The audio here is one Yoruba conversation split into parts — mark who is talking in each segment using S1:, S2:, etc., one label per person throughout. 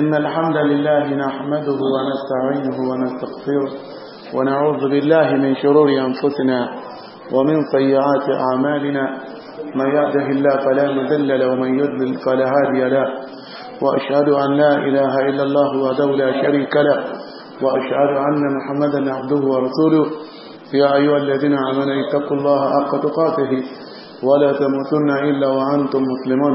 S1: إن الحمد لله نحمده ونستعينه ونستغفره ونعوذ بالله من شرور أنفسنا ومن سيئات أعمالنا من يهده الله فلا مذل له ومن يذلل فلا هادي له وأشهد أن لا إله إلا الله وحده لا شريك له وأشهد أن محمدا عبده ورسوله يا أيها الذين آمنوا اتقوا الله حق تقاته ولا تموتن إلا وأنتم مسلمون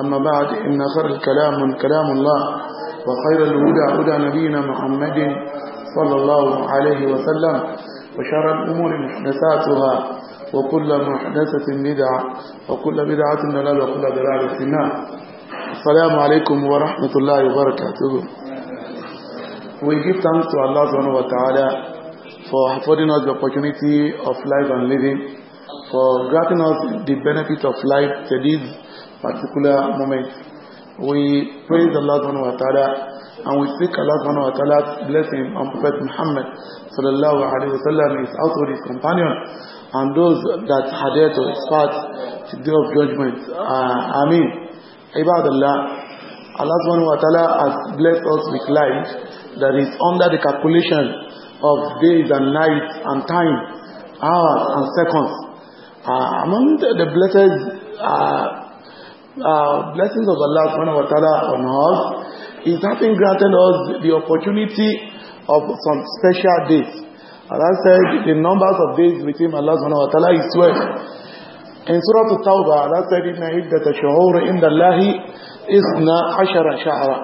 S1: أما بعد إن خر الكلام كلام الله وخير الهدى هدى نبينا محمد صلى الله عليه وسلم وشر الأمور محدثاتها وكل محدثة بدعة وكل بدعة ضلالة وكل ضلالة في النار السلام عليكم ورحمة الله وبركاته
S2: We give thanks to
S1: Allah subhanahu wa ta'ala for affording us the opportunity of life and living, for granting us the benefit of life, that is particular moment. We praise Allah subhanahu wa ta'ala and we seek Allah subhanahu wa ta'ala's blessing on Prophet Muhammad sallallahu alayhi wa sallam, his household, his companion, and those that adhere to his part to the day of judgment. Uh, Ameen. Ibadallah, Allah subhanahu wa ta'ala has blessed us with life that is under the calculation of days and nights and time, hours and seconds. Uh, among the, the blessed uh, Uh, blessings of Allah subhanahu wa ta'ala on us is having granted us the opportunity of some special days. As I said, the numbers of days with him, Allah subhanahu wa ta'ala is 12. In Surah al tawbah Allah said, إِنَّ عِدَّةَ شُعُورِ إِنَّ اللَّهِ إِثْنَا عَشَرَ شَعْرًا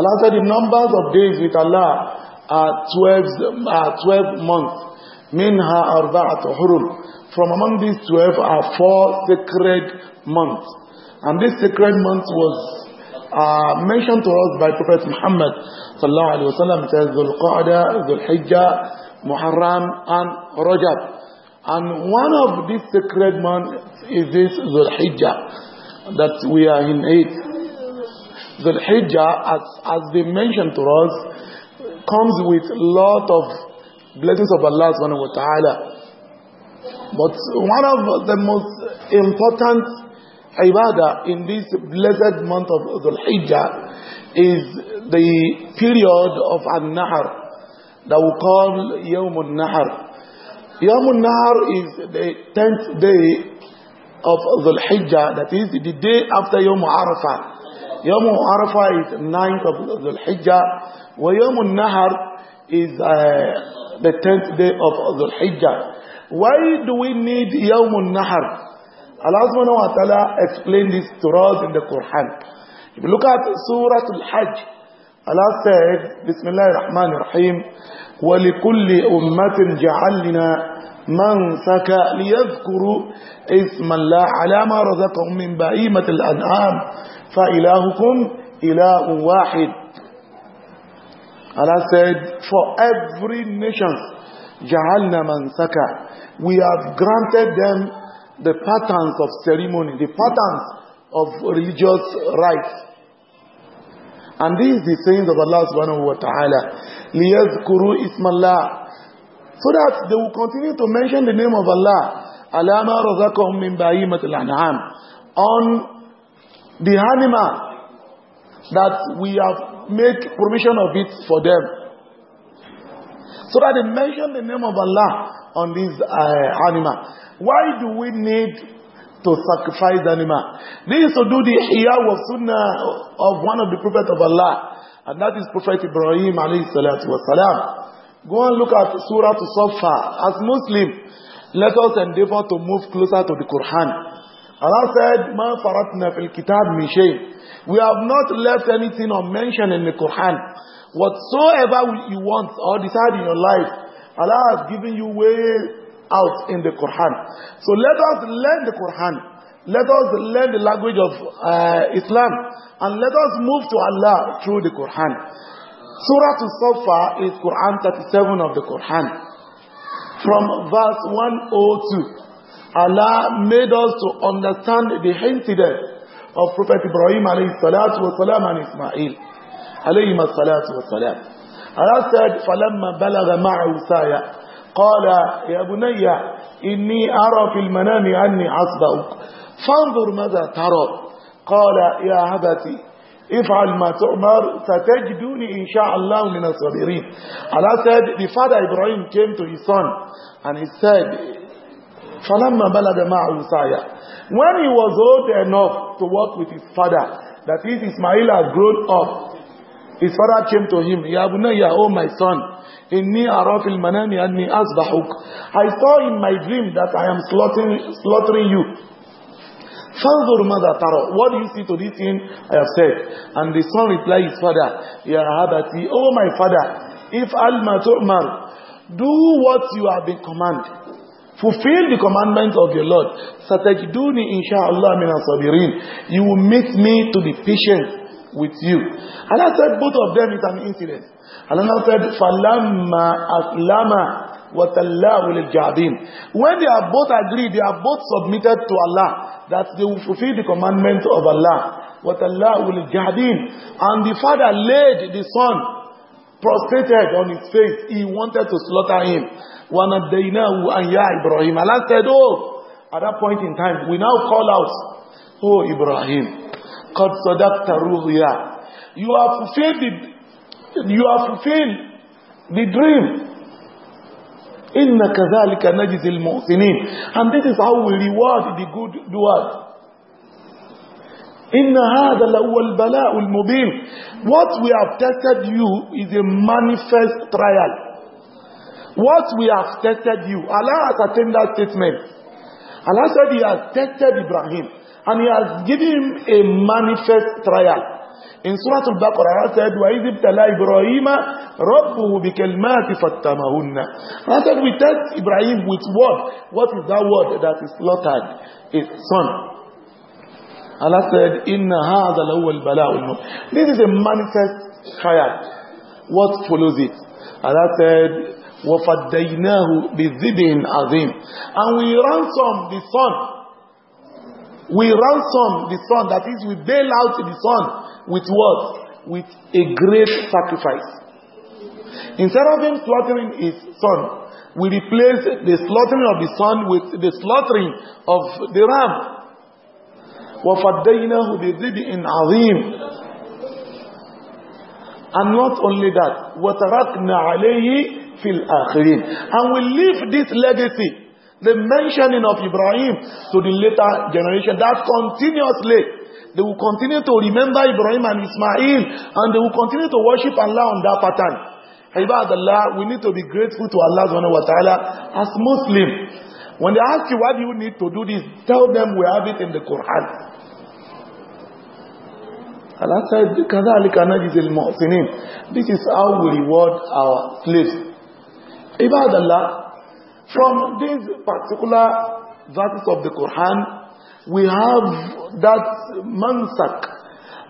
S1: Allah said, the numbers of days with Allah are 12, are 12 months. مِنْهَا أَرْبَعَةُ حُرُمْ From among these 12 are four sacred months. And this sacred month was uh, mentioned to us by Prophet Muhammad sallallahu alaihi wasallam. It says Dhul Qa'dah, Dhul Hijjah, Muharram, and Rajab. And one of these sacred months is this Dhul Hijjah that we are in it. Dhul Hijjah, as as been mentioned to us, comes with lot of blessings of Allah subhanahu wa ta'ala. But one of the most important ibadah in this blessed month of Dhul Hijjah is the period of An-Nahr that we call Yawm al nahr Yawm al nahr is the 10th day of Dhul Hijjah, that is the day after Yawm Arafah. Yawm Arafah is 9th of Dhul Hijjah, where Yawm al nahr is uh, the 10th day of Dhul Hijjah. Why do we need Yawm al nahr Allah subhanahu wa ta'ala explained this to us in the Quran. If you look at Surah Al-Hajj, Allah said, Bismillah ar-Rahman ar-Rahim, وَلِكُلِّ أُمَّةٍ جَعَلْنَا منسك ليذكروا اسم الله على ما رزقهم من بَعِيْمَةِ الأنعام فإلهكم إله واحد Allah said, for every nation, جعلنا منسك. We have granted them the patterns of ceremony, the patterns of religious rites. And this is the saying of Allah subhanahu wa ta'ala. لِيَذْكُرُوا إِسْمَ So that they will continue to mention the name of Allah. عَلَامَا رَزَقَهُمْ مِنْ بَعِيمَةِ الْأَنْعَامِ On the animal that we have made provision of it for them. So that they mention the name of Allah on this uh, animal. Why do we need to sacrifice animal? This is to do the hiyah wa sunnah of one of the prophets of Allah. And that is Prophet Ibrahim alayhi salatu wasalam. Go and look at Surah to Safa. As Muslim, let us endeavor to move closer to the Quran. Allah said, مَا faratna فِي الْكِتَابِ مِنْ شَيْءٍ We have not left anything unmentioned in the Quran. Whatsoever you want or decide in your life, Allah has given you way out in the Quran. So let us learn the Quran. Let us learn the language of uh, Islam. And let us move to Allah through the Quran. Surah Al-Safa is Quran 37 of the Quran. From verse 102, Allah made us to understand the incident of Prophet Ibrahim alayhi salatu wasalam and Ismail alayhi salatu wasalam. Allah said, فَلَمَّا بَلَغَ مَعُ سَيَا قال يا بني إني أرى في المنام أني أصدقك فانظر ماذا ترى قال يا هبتي افعل ما تؤمر ستجدوني إن شاء الله من الصابرين Allah said the father Ibrahim came to his son and he said فلما بلغ معه سعيا when he was old enough to walk with his father that is Ismail had grown up his father came to him Ya Bunayya, oh my son إني أرى في المنام أني أصبحك I saw in my dream that I am slaughtering, slaughtering you فانظر ماذا ترى What do you see to this thing I have said And the son replied his father يا أبتي Oh my father If Alma تؤمر Do what you have been commanded Fulfill the commandments of your Lord. Satajiduni inshallah min sabirin. You will meet me to be patient with you. Allah said both of them is an incident. And Allah said, فَلَمَّا أَسْلَمَ وَتَلَّهُ لِلْجَعْدِينَ When they are both agreed, they are both submitted to Allah, that they will fulfill the commandment of Allah. وَتَلَّهُ لِلْجَعْدِينَ And the father laid the son prostrated on his face. He wanted to slaughter him. وَنَدَّيْنَاهُ أَنْ يَا Ibrahim. Allah said, oh, at that point in time, we now call out, oh Ibrahim, قد صدقت الرؤيا you have fulfilled the, you have fulfilled the dream إن كذلك نجزي المحسنين and this is how we reward the good doers إن هذا لهو البلاء المبين what we have tested you is a manifest trial what we have tested you Allah has attained that statement Allah said he has tested Ibrahim and he has given him a manifest trial. In Surah Al-Baqarah, Allah said, وَإِذِ Ibrahim, إِبْرَاهِيمَ رَبُّهُ بِكَلْمَاتِ فَاتَّمَهُنَّ Allah said, we test Ibrahim with what? What is that word that is slaughtered? His son. Allah said, إِنَّ هَذَا al الْبَلَاءُ This is a manifest trial. What follows it? Allah said, وَفَدَّيْنَاهُ zibin azim." And we ransom the son We ransom the son, that is, we bail out the son with what? With a great sacrifice. Instead of him slaughtering his son, we replace the slaughtering of the son with the slaughtering of the ram. وَفَدَّيْنَهُ بِذِبِئٍ عَظِيمٍ and not only that, وَتَرَكْنَا عَلَيْهِ فِي الْآخِرِينَ And we leave this legacy The mentioning of Ibrahim to the later generation, that continuously they will continue to remember Ibrahim and Ismail and they will continue to worship Allah on that pattern. Allah, we need to be grateful to Allah subhanahu wa ta'ala as Muslim. When they ask you why do you need to do this, tell them we have it in the Quran. Allah said, كَذَلِكَ نَجِزِ الْمُحْسِنِينَ This is how we reward our slaves. Allah. From these particular verses of the Quran, we have that mansak,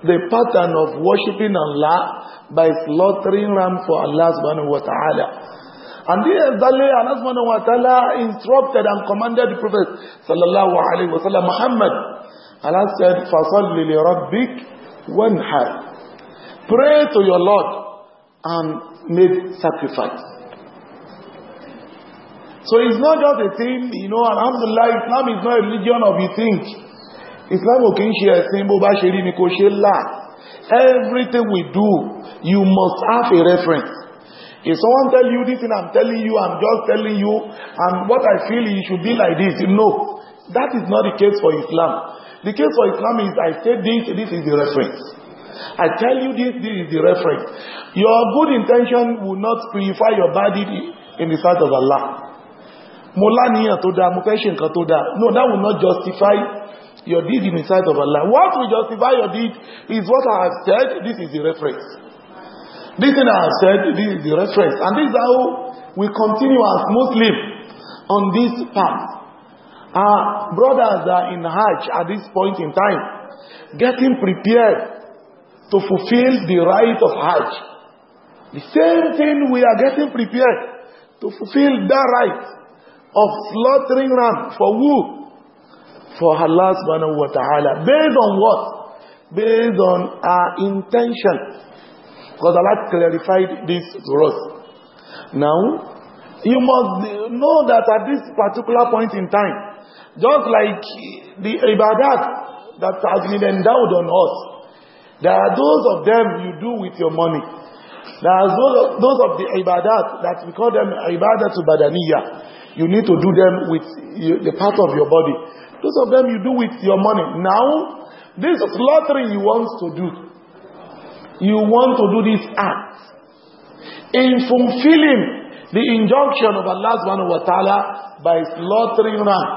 S1: the pattern of worshipping Allah by slaughtering ram for Allah subhanahu wa ta'ala. And this exactly Allah subhanahu wa ta'ala instructed and commanded the Prophet sallallahu alayhi wa sallam, Muhammad. Allah said, فَصَلِّ لِرَبِّكْ وَانْحَرْ Pray to your Lord and make sacrifice. So it's not just a thing, you know, alhamdulillah, Islam is not a religion of you think. Islam ò kí a ṣe ẹ̀sìn bó bá ṣe Everything we do, you must have a reference. If someone tell you this thing I'm telling you, I'm just telling you, and what I feel you should be like this. No, that is not the case for Islam. The case for Islam is I say this, this is the reference. I tell you this, this is the reference. Your good intention will not purify your body in the sight of Allah mo láníyàn tó dáa mo fẹ́ ṣe nǹkan tó dáa no that will not justify your deed in the sight of Allah what will justify your deed is what I have said this is the reference this thing I have said this is the reference and this is how we continue as Muslim on this path our brothers are in Hajj at this point in time getting prepared to fulfill the right of Hajj the same thing we are getting prepared to fulfill that right of slaughtering ram for who? For Allah subhanahu wa ta'ala. Based on what? Based on our intention. Because Allah clarified this to us. Now, you must know that at this particular point in time, just like the ibadat that has been endowed on us, there are those of them you do with your money. There are those of, the ibadat that we call them ibadat badaniya. You need to do them with the part of your body. Those of them you do with your money. Now, this slaughtering you want to do. You want to do this act. In fulfilling the injunction of Allah subhanahu wa ta'ala by slaughtering ram.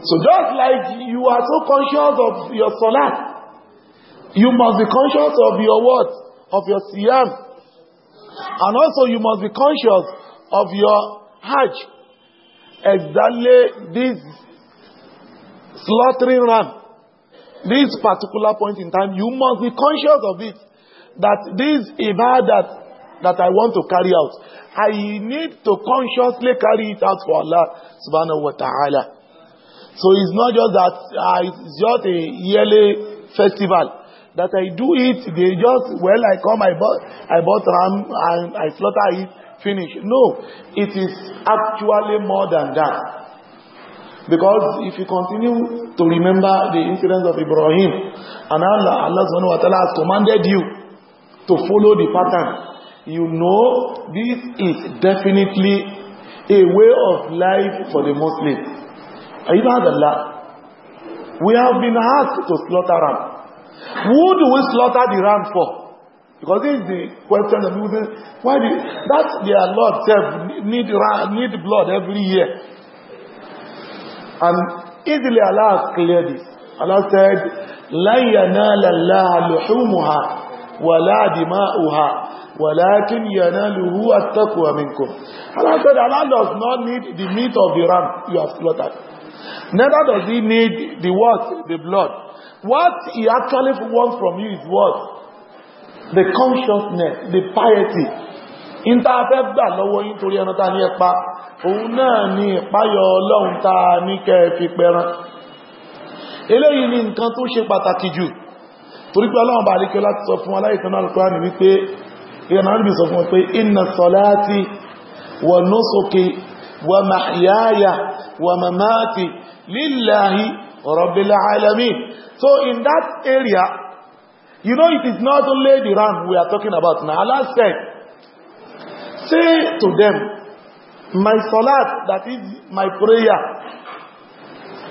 S1: So just like you are so conscious of your salat, you must be conscious of your words, Of your siyam. And also you must be conscious of your Hajj, exactly this slaughtering ram, this particular point in time, you must be conscious of it. That this ibadah that I want to carry out, I need to consciously carry it out for Allah subhanahu wa ta'ala. So it's not just that uh, it's just a yearly festival that I do it. They just, well, I come, I bought, I bought ram, and I slaughter it, finish. No, it is actually more than that. Because if you continue to remember the incidents of Ibrahim, and Allah, Allah subhanahu wa ta'ala has commanded you to follow the pattern, you know this is definitely a way of life for the Muslims. Ibadallah, we have been asked to slaughter ram. Who do we slaughter the ram for? Because this is the question of people why do that their Lord self need, need blood every year. And easily Allah cleared this. Allah said, لَنْ يَنَالَ اللَّهَ لُحُومُهَا وَلَا دِمَاؤُهَا وَلَكِنْ يَنَالُهُ التَّقْوَى مِنْكُمْ Allah said, Allah does not need the meat of the ram you have slaughtered. Neither does he need the what? The blood. What he actually wants from you is what? the consciousness the piety in ta fẹ́ gbà lọ́wọ́ yín torí ẹran ta ní ẹpa òun náà ni ìpáyọ ọlọ́run ta ní kẹfì pẹran eléyìí ni nǹkan tó ṣe pàtàkì jù torí pé ọlọ́run bá alékẹ́ láti sọ fún aláìsàn alùkúránì wípé ìrànà rí sọ fún wọn pé inna salati wa nusuki wa mahyaya wa mamati lillahi rabbil alamin so in that area You know, it is not only the ram we are talking about now. Allah said, Say to them, My salat, that is my prayer,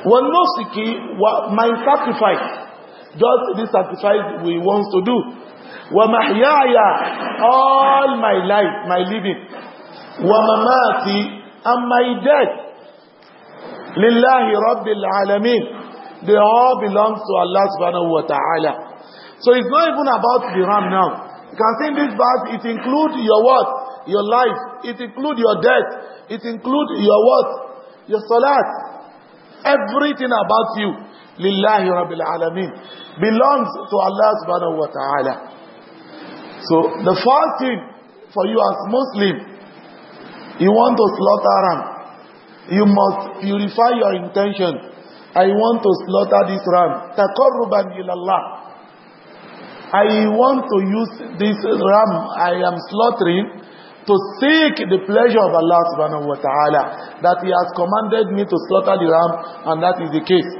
S1: will not seek my sacrifice, just this sacrifice we want to do. وَمَحْيَايَ All my life, my living. وَمَمَاتِ And my death. لِلَّهِ رَبِّ Alameen, They all belong to Allah subhanahu wa ta'ala. So it's not even about the ram now. You can think this verse, it includes your what? Your life. It includes your death. It includes your what? Your salat. Everything about you. Lillahi Rabbil Alameen. Belongs to Allah subhanahu wa ta'ala. So the first thing for you as Muslim, you want to slaughter ram. You must purify your intention. I want to slaughter this ram. تَقَرُّبًا إِلَى اللَّهِ I want to use this ram I am slaughtering to seek the pleasure of Allah subhanahu wa ta'ala that he has commanded me to slaughter the ram and that is the case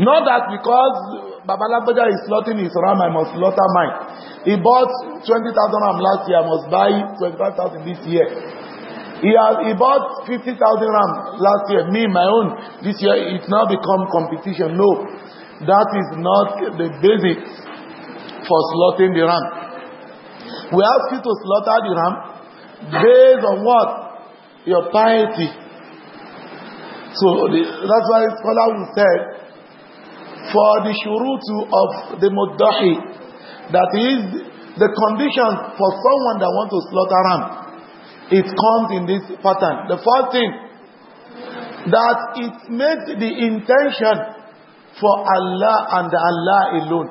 S1: not that because Babalabaja is slaughtering his ram I must slaughter mine he bought 20,000 ram last year I must buy 25,000 this year he, has, he bought 50,000 ram last year me my own this year it now become competition no that is not the basics for slaughtering the ram. We ask you to slaughter the ram based on what? Your piety. So the, that's why scholar will said, for the shurutu of the muddahi, that is the condition for someone that wants to slaughter ram, it comes in this pattern. The first thing, that it makes the intention for Allah and Allah alone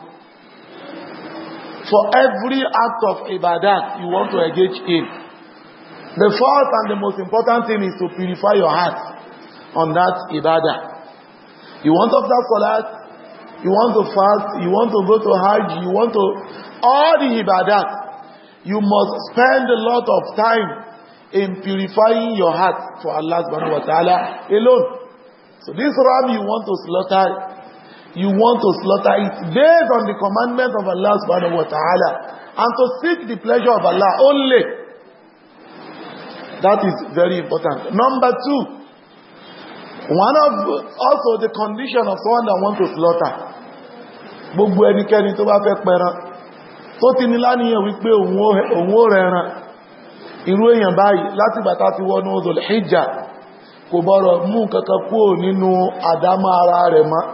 S1: for every act of ibadat you want to engage in. The first and the most important thing is to purify your heart on that ibadah. You want after salat, you want to fast, you want to go to Hajj, you want to, all the ibadah. you must spend a lot of time in purifying your heart for Allah subhanahu wa ta'ala alone. So this ram you want to slaughter you want to slaughter it based on the commandment of Allah subhanahu wa ta'ala and to seek the pleasure of Allah only. That is very important. Number two, one of also the condition of someone that wants to slaughter. Gbogbo ẹnikẹ́ni tó bá fẹ́ pẹran tó ti ní láníyàn wípé òun ó rẹran irú èèyàn báyìí láti bàtà ti wọnú Dhul Hijjah kò bọ́rọ̀ mú kankan kúrò nínú àdámọ́ ara rẹ̀ máa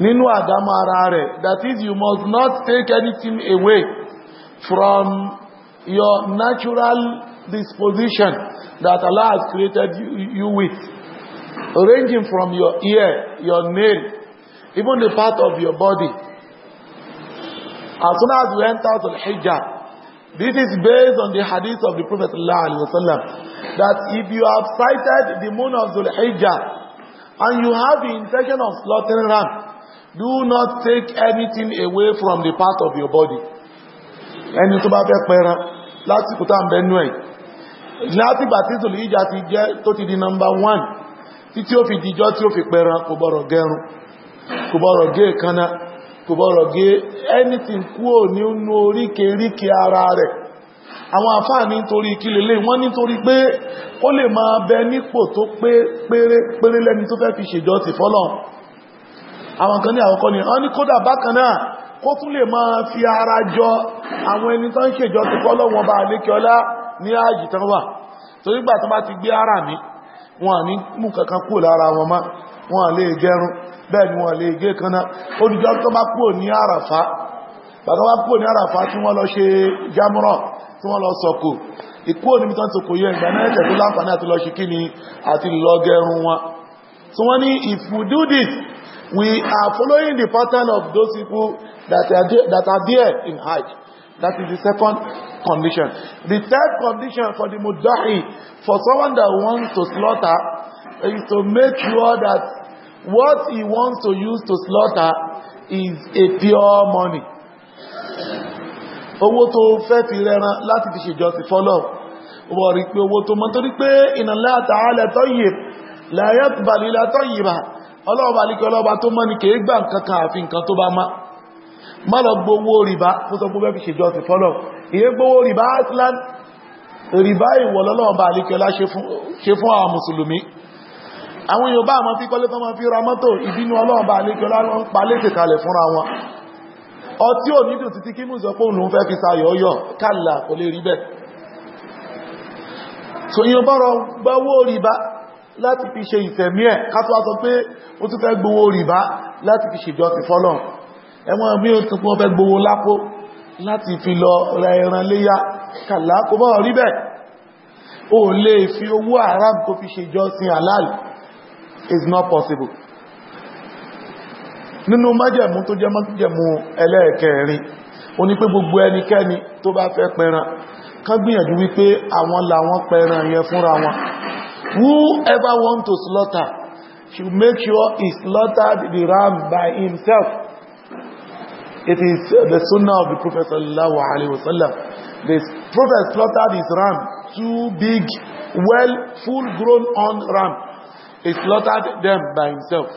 S1: nínú àdámọ́ ara rẹ̀ that is you must not take anything away from your natural disposition that Allah has created you, you with ranging from your ear your nail even the part of your body as soon as you enter to the hijab this is based on the hadith of the Prophet ﷺ that if you have sighted the moon of zulhijjah and you have the intention of slaughtering ram do not take anything away from the part of your body ẹni tó bá fẹ́ pẹran láti kúta ń bẹnu ẹ̀ láti gbà tí tòlù ìjà ti jẹ́ tó ti di number one tí tí ó fi dìjọ́ tí ó fi pẹran kò bọ̀rọ̀ gẹrun kò bọ̀rọ̀ gé kaná kò bọ̀rọ̀ gé anything kúò nínú oríkèríkè ara rẹ̀ àwọn àfáà nítorí kílélé wọ́n nítorí pé ó lè máa bẹ nípò tó pé pérépéré tó fẹ́ fi ṣèjọ́ ti fọ́lọ́run àwọn kan ní àwọ́kọ́ ni wọ́n ní kódà bákan náà kó tún lè máa fi ara jọ àwọn ẹni tán ṣèjọ ti kọ́ lọ́wọ́n bá lékiọlá ní ààjì tán wà torí gbà tán bá ti gbé ara mi kúrò ni wọn lè gé kaná olùjọ́ tó bá kúrò ní àràfá bàtà wá kúrò ní àràfá tí wọ́n lọ ṣe jámúràn tí wọ́n lọ sọ̀kò ìkúrò níbi tán sọ̀kò yẹ ìgbà náà ẹ̀jẹ̀ tó láǹfààní àti lọ ṣe kíni àti lọ gẹrun wọn tí wọ́n ní if we do this We are following the pattern of those people that are, there, that are there in Hajj. That is the second condition. The third condition for the mudahi, for someone that wants to slaughter, is to make sure that what he wants to use to slaughter is a pure money. Owó tó fẹ́ fi rẹran láti fi ṣèjọsìn fọ́lọ̀. Wọ̀ rí pé tó mọ́ pé inna Allah ta'ala tayyib la yaqbal illa ọlọ́ọ̀bá alikẹ́ ọlọ́ọ̀bá tó mọ́ ní kèé gbà nǹkan kan àfi nǹkan tó bá má má lọ gbowó rìbá tó sọ pé fi ṣèjọ ti fọ́lọ̀ ìyẹ́ gbowó rìbá aslan rìbá ìwọ̀ lọ́lọ́ọ̀bá alikẹ́ ọlá ṣe fún àwọn mùsùlùmí àwọn Yorùbá àmọ́ fi kọ́lé tó máa fi ra mọ́tò ìbínú ọlọ́ọ̀bá alikẹ́ ọlá ń pa létè kalẹ̀ fúnra wọn ọtí ò nídùn títí kí mùsọ pé òun fẹ́ fi sayọ̀ yọ kálà kò lè rí bẹ́ẹ̀ so ìyọ̀bọ̀rọ̀ gbowó rìbá láti fi ṣe ìfẹ̀mí ẹ̀ kátọ́ sọ pé ó tún fẹ́ gbowó rìbá láti fi ṣèjọ ti fọ́lọ̀ ẹwọ́n mí ó tún fẹ́ gbowó lápó láti fi lọ ra ẹran léyá kàlá bọ́ rí bẹ́ẹ̀ o lè fi owó haram tó fi ṣèjọ sin halal is not possible nínú májẹ̀mú tó jẹ́ májẹ̀mú ẹlẹ́ẹ̀kẹrin ó ní pé gbogbo ẹnikẹ́ni tó bá fẹ́ pẹran kán gbìyànjú wípé àwọn làwọn pẹran yẹn fúnra wọn whoever want to slaughter should make sure he slaughtered the ram by himself it is the sunnah of the Prophet sallallahu alaihi wasallam. The Prophet slaughtered his ram, two big, well, full-grown on ram. He slaughtered them by himself.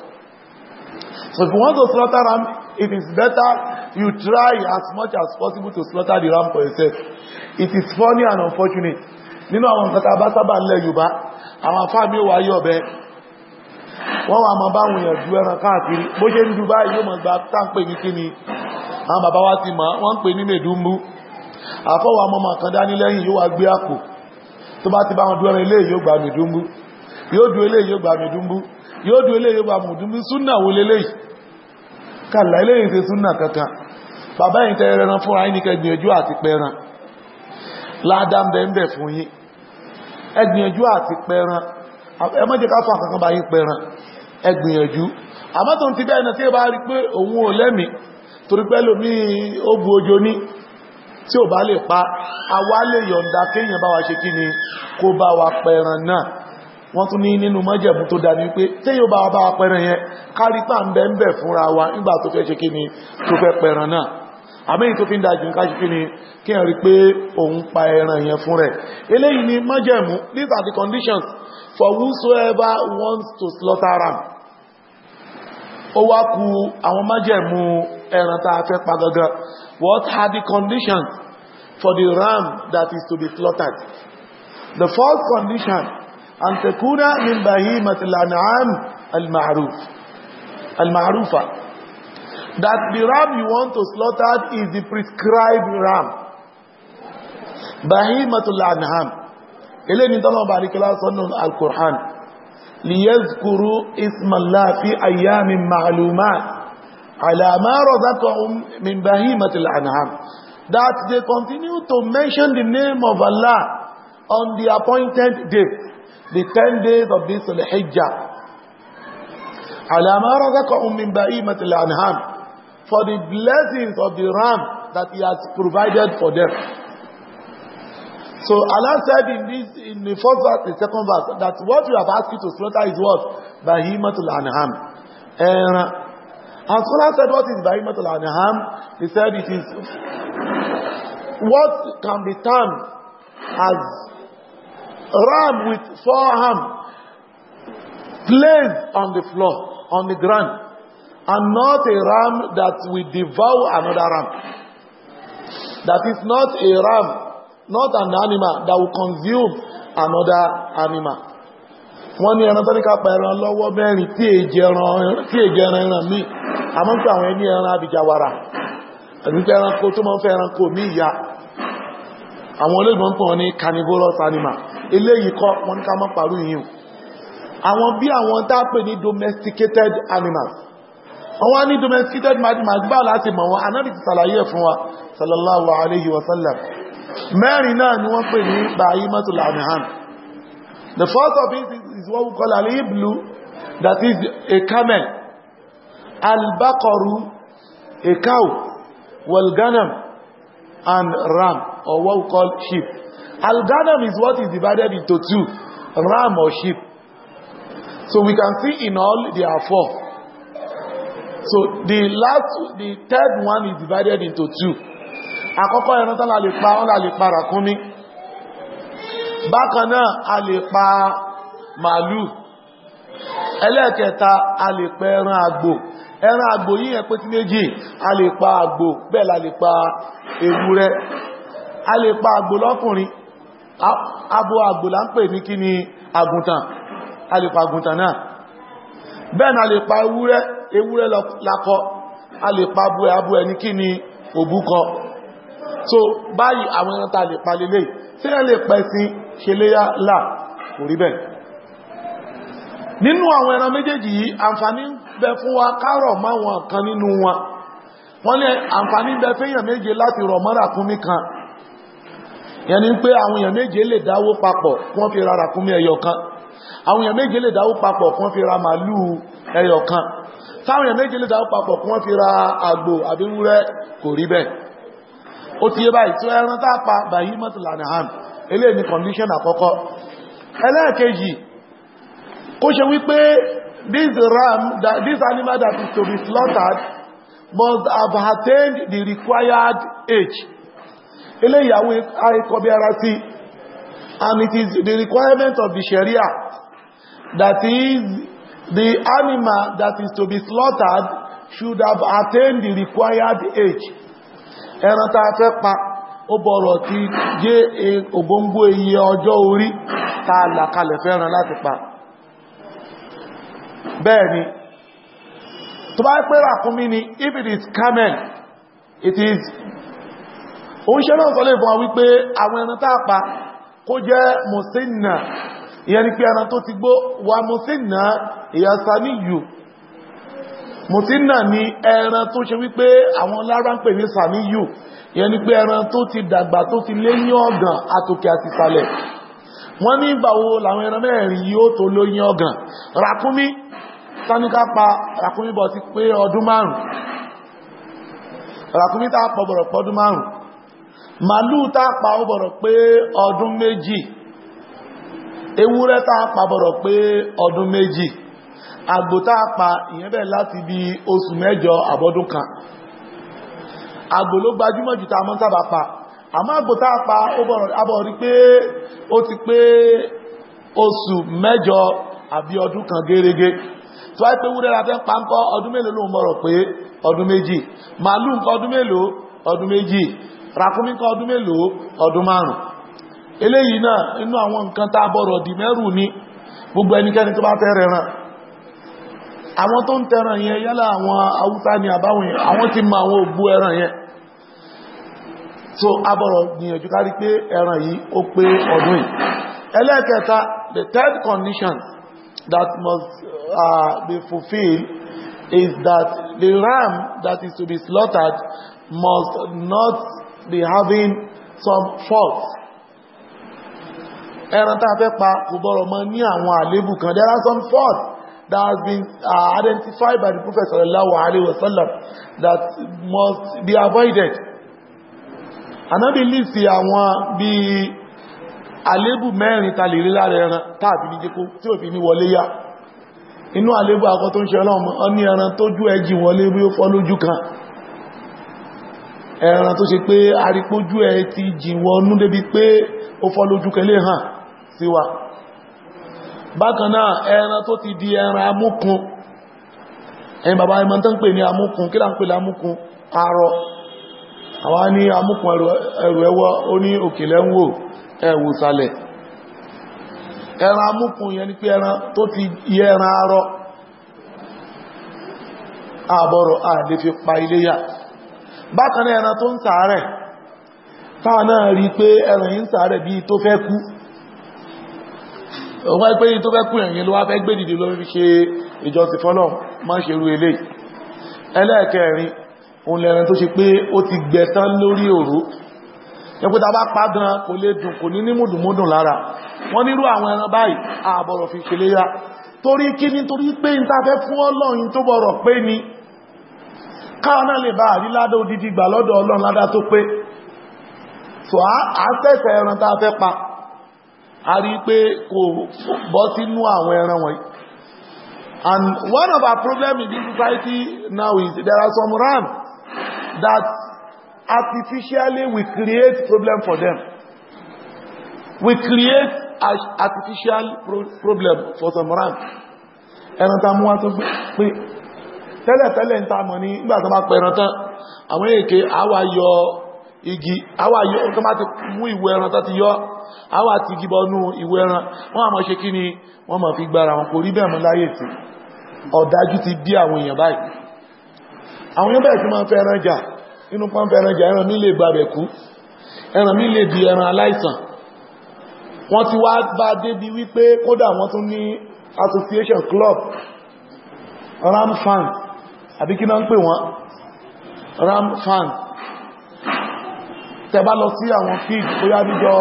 S1: So if you want to slaughter ram, it is better you try as much as possible to slaughter the ram for yourself. It is funny and unfortunate. Nínú àwọn nǹkan tá a bá sábà ń lẹ̀ Yorùbá, àwọn afáàmì ò wá yọ ọ̀bẹ wọ́n wà máa báwọn èèyàn ju ẹran káàkiri bó ṣe ń dubá yóò mọ̀ gba táǹpẹ̀ ní kíni àwọn bàbá wa ti mọ̀ wọ́n ń pè ní mèdúmbú àfọwọ́ ọmọ ọmọ kan dání lẹ́yìn yóò wá gbé àpò tó bá ti bá wọn du ẹran eléyìí yóò gba mèdúmbú yóò du eléyìí yóò gba mèdúmbú yóò du eléyìí yóò gba mèdúmbú súnà wo leléyìí kàlà eléyìí ṣe súnà kankan bàbá yìí tẹ ẹran fúnra yín ní kẹgbìyànjú àti pẹran ládàá ń fún yín ẹgbìyànjú àti pẹran ẹmọ́jẹ́ ká fún àkọ́kọ́ báyí pẹran ẹgbìyànjú àmọ́ tó ń ti bẹ́ẹ̀ ẹ̀nà tí ó bá rí pé òun ò lẹ́mí torí pẹ́lò ní ó bu ojo ní tí ò bá lè pa awá lè yọ̀ǹda kéèyàn kí ni wọ́n tún ní nínú tó dá ní pé bá wa pẹran yẹn àmẹ́yìn tó fi ń dájú ká ṣíkí ni kí ẹ̀rí pé òun pa ẹran yẹn fún rẹ̀ eléyìí ni májẹ̀mú these are the conditions for whosoever wants to slaughter ram ó wá ku àwọn májẹ̀mú ẹran tá a fẹ́ pa gangan what are the conditions for the ram that is to be slaughtered the first condition an takuna min bahimatil an'am al al that the ram you want to slaughter is the prescribed ram. Bahimatul anham. Ilé ni tọ́lọ̀ bá rí kílá sọ́nà Al-Qur'an. Liyazkuru ismallah fi ayyamin ma'lumat. Ala ma min bahimatul anham. That they continue to mention the name of Allah on the appointed day, the ten days of this Al-Hijjah. على ما رزقهم من بهيمة for the blessings of the ram that he has provided for them. So Allah said in this in the first verse, the second verse, that what you have asked you to slaughter is what? Bahimatul Anham. And as Allah said, what is Bahimatul Anham? He said it is what can be termed as ram with four arms placed on the floor, on the ground and not a ram that will devour another ram. That is not a ram, not an animal that will consume another animal. Wọ́n ní ẹran tọ́níká pa ẹran lọ́wọ́ mẹ́rin tí èjì ẹran ẹran míì, a mọ́ ń àwọn ẹni ẹran abìjàwàrà, àdúgbẹ́ ẹranko tó mọ́ ń fẹ́ ẹranko ní ìyá. Àwọn olóògbọ́n pọ̀ ní carnivorous animal, eléyìí kọ́ wọ́n ní ká mọ́ pàrú ìyìn. Àwọn bí àwọn tá pè ní domesticated animals, wọ́n ní domesticated madman gbá láti mọ̀ wọn anábì ti sàlàyé ẹ̀ fún wa sallallahu alayhi wa sallam mẹ́rin náà ni wọ́n pè ní báyí mọ́tò lamihan the first of it is what we call al-iblu that is a camel al a cow wal and ram or what we call sheep al is what is divided into two ram or sheep so we can see in all there are four so the last the third one is divided into two àkọ́kọ́ ẹran tán lè pa wọ́n lè pa ràkúnmí bákan náà a lè pa màálù ẹlẹ́ẹ̀kẹta a lè pa ẹran àgbò ẹran àgbò yí ẹ̀ pé tí méjì a lè pa àgbò bẹ́ẹ̀ la lè pa ewúrẹ́ a lè pa àgbò lọ́kùnrin abo àgbò là ń pè ní kí ni àgùntàn a lè pa àgùntàn náà bẹ́ẹ̀ náà lè pa ewúrẹ́ ewúrẹ́ lakọ a lè pa abú ẹ abú ẹ ní kí ni òbúkọ so báyìí àwọn ẹran ta lè pa lélẹ̀ tí ẹ lè pẹ̀ sí ṣeléyá là kò rí bẹ́ẹ̀ nínú àwọn ẹran méjèèjì yìí àǹfààní bẹ fún wa kárọ̀ máwọn kan nínú wọn wọ́n ní àǹfààní bẹ fẹ́yàn méje láti rọ̀ mọ́ ràkúnmí kan yẹn ni pé àwọn èèyàn méje lè dáwó papọ̀ wọ́n fi ra ràkúnmí ẹyọ kan àwọn èèyàn méje lè dáwó papọ̀ wọ́n fi ra màálù ẹyọ kan táwọn èèyàn méjì lè dáwó papọ̀ kí wọ́n fi ra àgbò àbí wúrẹ́ kò rí bẹ́ẹ̀ ó ti yé báyìí tí ó ẹran tá pa bàyí mọ́tò lànà hàn eléyìí ni condition àkọ́kọ́ ẹlẹ́ẹ̀kejì kó ṣe wípé this ram that, this animal that is to be slaughtered must have attained the required age eléyìí àwọn àìkọ̀bí ara sí and it is the requirement of the sharia that is the animal that is to be slaughtered should have attained the required age. Ẹran tá a fẹ́ pa, ó bọ̀rọ̀ ti jẹ́ ògóngó iye ọjọ́ orí tá a làkalẹ̀ fẹ́ran láti pa. Bẹ́ẹ̀ni, tó bá pẹ́ ràkúnmí ni, if it is camel, it is. Òun ṣe náà sọlé fún wa wípé àwọn ẹran tá a pa kó jẹ́ Musinna, ìyẹn ni pé ẹran tó ti gbó wa Musinna ìyá sami yù mùtínà ni ẹran tó ṣe wípé àwọn lára ń pè ní sami yù ni pé ẹran tó ti dàgbà tó ti lé ní ọ̀gàn àtòkè àti ìsàlẹ̀ wọ́n ní ìgbà wo làwọn ẹran mẹ́rin yóò tó lóyún ọ̀gàn ràkúnmí sáníká pa ràkúnmí bọ̀ ti pé ọdún márùn ràkúnmí tá pọ̀ bọ̀rọ̀ pọ̀ ọdún márùn màlúù tá pa bọ̀rọ̀ pé ọdún méjì ewúrẹ́ tá pa bọ̀rọ̀ pé ọdún méjì àgbòtá apa ìyẹn bẹ́ẹ̀ láti bí oṣù mẹ́jọ àbọ́dún kan àgbò ló gbajúmọ̀ jù tá a mọ́ sábà pa àmọ́ àgbòtá pa abọ́ rí pé ó ti pé oṣù mẹ́jọ àbí ọdún kan gẹ́rẹ́gẹ́ tó wáyé pé wúrẹ́ la fẹ́ pa ń kọ́ ọdún mélòó ló ń mọ̀rọ̀ pé ọdún méjì màálù ń kọ́ ọdún mélòó ọdún méjì ràkúnmí kọ́ ọdún mélòó ọdún márùn eléyìí náà inú àwọn nǹkan tá a bọ̀rọ̀ dì mẹ́rù ni gbogbo ẹnikẹ́ni tó bá fẹ́ rẹran àwọn tó ń tẹran yẹn yálà àwọn Haúsá ni àbáwọn yẹn àwọn ti mọ àwọn ògbó ẹran yẹn so abọ́rọ̀ gbìyànjú kárí pé ẹran yìí ó pé ọdún yìí ẹlẹ́ẹ̀kẹta the third condition that must uh, be fulfilled is that the ram that is to be slaughtered must not be having some fault ẹran tá a fẹ́ pa kò bọ́rọ̀ mọ́ ní àwọn àlébù kan there are some faults that has been uh, identified by the Prophet sallallahu alaihi wasallam that must be avoided. Ànábì lè fi àwọn bí i àlébù mẹ́rin ta lè rí lára ẹran tàbí ní jẹ́kó tí ò fi ní wọlé yá. Inú àlébù akọ́ tó ń ṣe ọlọ́mọ, ọ ní ẹran tó jú ẹjì wọlé bí ó fọ́ lójú kan. Ẹran tó ṣe pé arípójú ẹ ti jìn wọnú débi pé ó fọ́ lójú kẹlé hàn síwá. Si bákanáà ẹran tó ti di ẹran amúkun ẹni bàbá ẹmọ tó ń pè ní amúkun kí là ń pè ní amúkun arọ àwọn ní amúkun ẹrù ẹwọ́ ó ní òkèlè ń wò ẹwù ẹran amúkun yẹn ni ẹran tó ti yẹ ẹran arọ àbọ̀rọ̀ àdé fi pa iléyà bákanáà ẹran tó ń sàárẹ̀ náà rí pé ẹran yìí ń ọwọ́ pé tó fẹ́ kú ẹ̀yìn ló wá fẹ́ gbé dìde lórí ṣe ìjọsìn fọ́lọ̀ má ṣe rú ilé ẹlẹ́ẹ̀kẹrin òun lẹ́ran tó ṣe pé ó ti gbẹ̀tán lórí òru ẹkùn tàbá pàdán kò lè dùn kò ní nímùdùnmúdùn lára wọ́n nírú àwọn ẹran báyìí àbọ̀rọ̀ fi ṣe léyá torí kí ní torí pé ń tafẹ́ fún ọlọ́run tó bọ̀rọ̀ pé ni káwọn lè bá pa a rí pé kò bọ́ sínú àwọn ẹran wọ̀nyí and one of our problems in this society now is there are some ram that artificially we create problem for them we create artificial pro problem for some ram ẹran ta mú wá tó pé tẹ́lẹ̀tẹ́lẹ̀ ń ta mọ̀ ní ìgbà tó bá pẹ̀ràn tán àwọn èké àwà yọ igi awa yọ nǹkan bá ti mú ìwọ ẹran tó ti yọ àwà ti igi bọnú ìwọ ẹran wọ́n àmọ́ ṣe kí ni wọ́n mọ̀ fi gbára wọn kò rí bẹ́ẹ̀ mọ́ láyé tí ọ̀dájú ti dí àwọn èèyàn báyìí àwọn èèyàn bẹ́ẹ̀ tí máa ń fẹ́ ẹran jà nínú pọ́n fẹ́ ẹran jà ẹran mi lè gbàbẹ̀ kú ẹran mi lè di ẹran aláìsàn wọ́n ti wá bá débi wípé kódà wọ́n tún ní association club ram fans àbí kí náà ń pè wọ́n ram fans tẹba lọ sí àwọn kid bóyá níjọ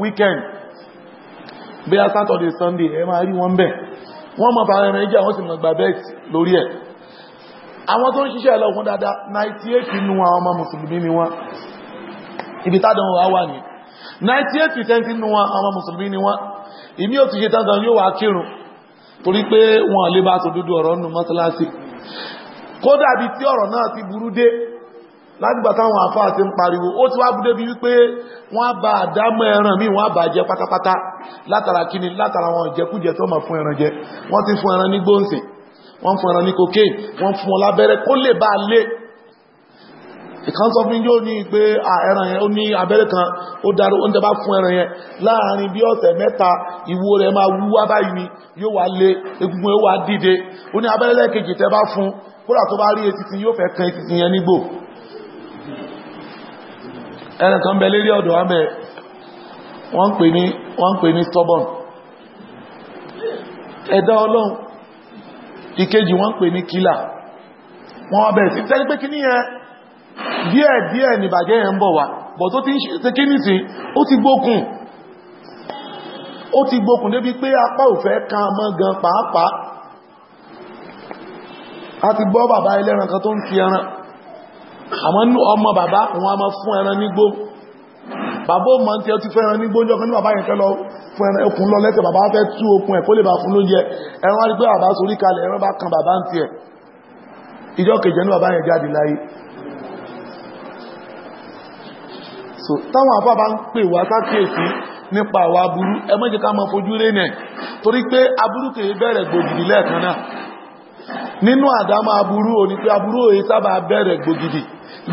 S1: weekend bóyá saturday sunday ẹ máa rí wọn bẹ̀ wọ́n mọ̀ bàrẹ̀ rẹ̀ jẹ́ àwọn sì mọ̀ gbà lórí ẹ̀ àwọn tó ń ṣiṣẹ́ lọ dáadáa 98 nínú àwọn ọmọ mùsùlùmí ni wọ́n ibi tádàn wà wà ní 98% nínú àwọn ọmọ mùsùlùmí ni wọ́n ìmí ò ti ṣe tán yóò wá kírun torí pé wọn lè bá sọ dúdú ọ̀rọ̀ nù mọ́sálásí kódà bí tí ọ̀rọ̀ náà ti burú dé lágbà táwọn àfáà ti ń pariwo ó ti wá bú débi wípé wọ́n bá àdámọ́ ẹran míì wọ́n bá jẹ pátápátá látara kíni látara wọn jẹkújẹ tó mọ̀ fún ẹran jẹ wọ́n ti fún ẹran ní gbóǹsìn wọ́n fún ẹran ní cocaine wọ́n fún wọn lábẹ́rẹ́ kó lè bá lé ìkan sọ fún yóò ní pé ẹran yẹn ó ní abẹ́rẹ́ kan ó darú oúnjẹ bá fún ẹran yẹn láàrin bí ọ̀sẹ̀ mẹ́ta ìwo rẹ̀ máa wúwá báyìí ni yóò wá lé egungun yóò wá dìde ó ní abẹ́rẹ́ lẹ́ẹ̀kejì tẹ́ bá fún kódà tó bá rí etìtì yóò fẹ́ kan etìtì yẹn nígbò ẹnìkan bẹ lérí ọ̀dọ̀ wọ́n bẹ wọ́n pè ní wọ́n pè ní stubborn ẹ̀dá ọlọ́run ìkejì wọ́n pè ní killer wọ́n bẹ̀rẹ̀ sí tẹ́lí pé kíní yẹn díẹ̀ díẹ̀ nìbàjẹ́ yẹn ń bọ̀ wá bọ̀ tó ti ń ṣe kíní sí ti gbókùn ó ti gbókùn débi pé apá òfẹ́ kan mọ́ gan pàápàá a ti gbọ́ bàbá ẹlẹ́ran kan tó ń fi ẹran àmọ́ ọmọ bàbá wọn a máa fún ẹran nígbó bàbá o tí ẹ ti fẹ́ ẹran nígbó jọ kan ní bàbá yẹn fẹ́ lọ fún ẹran okùn lọ lẹ́sẹ̀ bàbá fẹ́ tú okùn ẹ̀ kó lè bà fún lóúnjẹ ẹran wá rí bàbá sorí kalẹ̀ ẹran bá kan bàbá ń tiẹ̀ ìjọ kejì ní bàbá yẹn jáde láyé so táwọn àfá bá ń pè wá sákèèsí nípa àwọn aburú ẹ má ká máa fojú rénẹ̀ torí pé aburú kèé bẹ̀rẹ̀ gbòdìdì lẹ́ẹ̀kan náà nínú àdámà aburú o ní pé aburú òye sábà bẹ̀rẹ̀ gbogidi